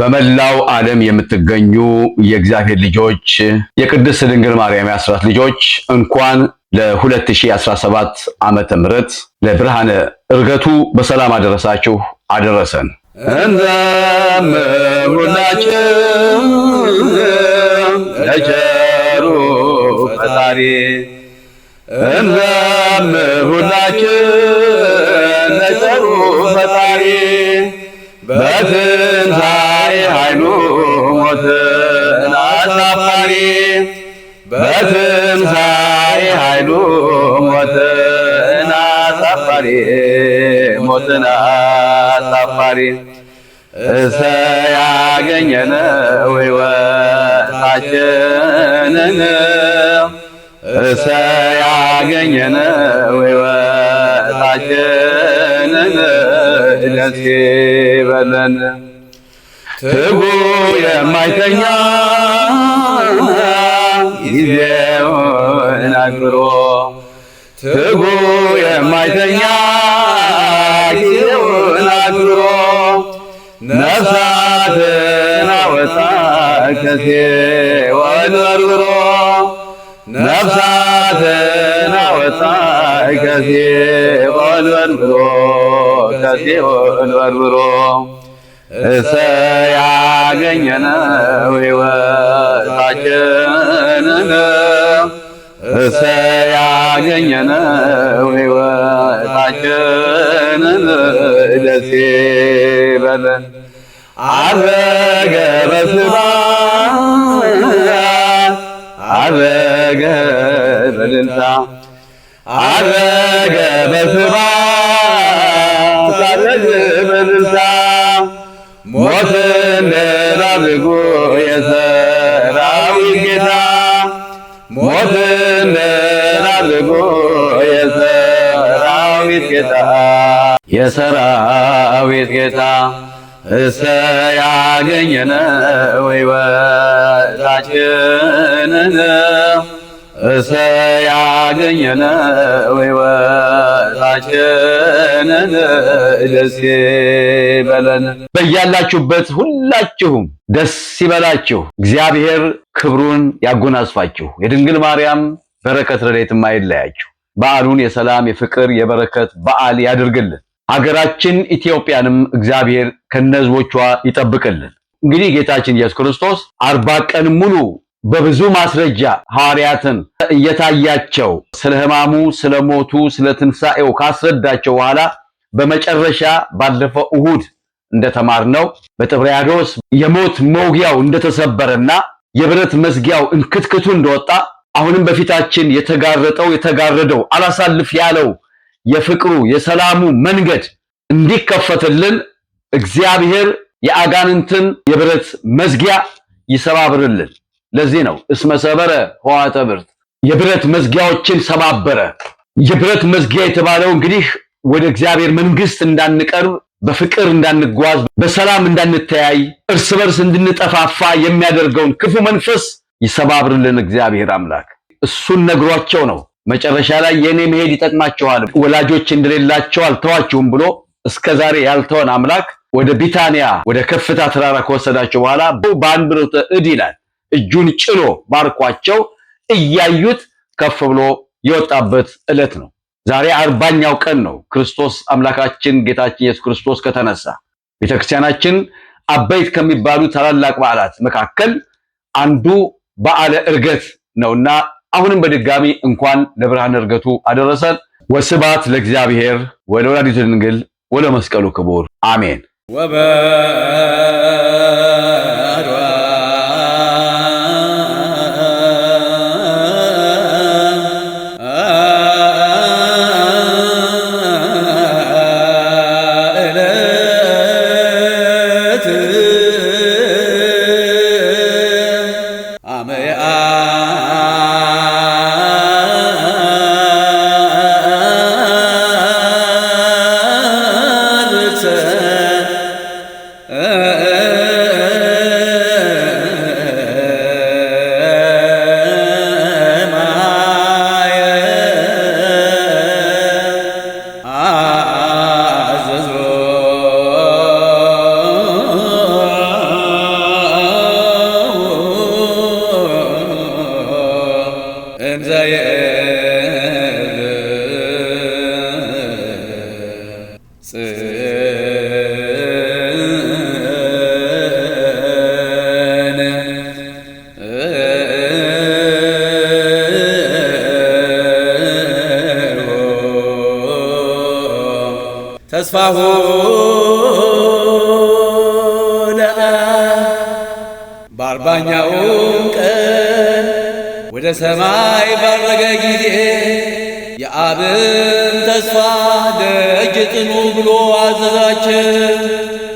በመላው ዓለም የምትገኙ የእግዚአብሔር ልጆች የቅድስት ድንግል ማርያም የአስራት ልጆች እንኳን ለ2017 ዓመተ ምህረት ለብርሃነ እርገቱ በሰላም አደረሳችሁ አደረሰን። እንዘምሩላችን ለቸሩ ፈጣሪ እንዘምሩላችን ለቸሩ ፈጣሪ በትንሣኤ ላይ ኃይሉ ሞትን አሳፋሪ በትንሣኤ ኃይሉ ሞትን አሳፋሪ ሞትን አሳፋሪ እሰ ያገኘነው ሕይወታችንን እሰ ያገኘነው ሕይወታችንን ደስ ይበለን። ማይተኛ ጊዜውን አክብሮ ትጉ የማይተኛ ጊዜውን አክብሮ ነፍሳትን አወጣ ከሲኦል በርብሮ ነፍሳትን አወጣ ከሲኦል በርብሮ ከሲኦል በርብሮ እሰ ያገኘነው ሕይወታችንን እሰ ያገኘነው ሕይወታችንን ደስ ይበለን። አረገ በስጋ አረገ በድልታ አረገ በስጋ አረገ በድልታ ሞት ንራብጎ የሰራዊት ጌታ ሞት ንራብጎ የሰራዊት ጌታ የሰራዊት ጌታ እሰ ያገኘነ ወይ ወዳችንን እሰያገኘነ ወይወታችንን ደስ ይበለን። በያላችሁበት ሁላችሁም ደስ ይበላችሁ። እግዚአብሔር ክብሩን ያጎናጽፋችሁ። የድንግል ማርያም በረከት ረድኤትም አይለያችሁ። በዓሉን የሰላም የፍቅር የበረከት በዓል ያድርግልን። አገራችን ኢትዮጵያንም እግዚአብሔር ከነህዝቦቿ ይጠብቅልን። እንግዲህ ጌታችን ኢየሱስ ክርስቶስ አርባ ቀን ሙሉ በብዙ ማስረጃ ሐዋርያትን እየታያቸው ስለ ሕማሙ፣ ስለ ሞቱ፣ ስለ ትንሣኤው ካስረዳቸው በኋላ በመጨረሻ ባለፈው እሁድ እንደተማርነው በጥብርያዶስ የሞት መውጊያው እንደተሰበረና የብረት መዝጊያው እንክትክቱ እንደወጣ አሁንም በፊታችን የተጋረጠው የተጋረደው አላሳልፍ ያለው የፍቅሩ የሰላሙ መንገድ እንዲከፈትልን እግዚአብሔር የአጋንንትን የብረት መዝጊያ ይሰባብርልን። ለዚህ ነው እስመ ሰበረ ህዋተ ብርት የብረት መዝጊያዎችን ሰባበረ። የብረት መዝጊያ የተባለው እንግዲህ ወደ እግዚአብሔር መንግስት እንዳንቀርብ፣ በፍቅር እንዳንጓዝ፣ በሰላም እንዳንተያይ፣ እርስ በርስ እንድንጠፋፋ የሚያደርገውን ክፉ መንፈስ ይሰባብርልን እግዚአብሔር አምላክ። እሱን ነግሯቸው ነው መጨረሻ ላይ የእኔ መሄድ ይጠቅማቸዋል ወላጆች እንደሌላቸው አልተዋችሁም ብሎ እስከ ዛሬ ያልተወን አምላክ ወደ ቢታንያ ወደ ከፍታ ተራራ ከወሰዳቸው በኋላ በአንብሮተ እድ ይላል እጁን ጭኖ ባርኳቸው እያዩት ከፍ ብሎ የወጣበት ዕለት ነው። ዛሬ አርባኛው ቀን ነው። ክርስቶስ አምላካችን ጌታችን ኢየሱስ ክርስቶስ ከተነሳ ቤተክርስቲያናችን አበይት ከሚባሉ ታላላቅ በዓላት መካከል አንዱ በዓለ ዕርገት ነውና አሁንም በድጋሚ እንኳን ለብርሃን ዕርገቱ አደረሰን። ወስባት ለእግዚአብሔር ወለወላዲቱ ድንግል ወለመስቀሉ ክቡር አሜን። hayatı ተስፋሁ ለና በአርባኛውም ቀን ወደ ሰማይ ባረገ ጊዜ የአብን ተስፋ ደጅ ጽኑ ብሎ አዘዛችን።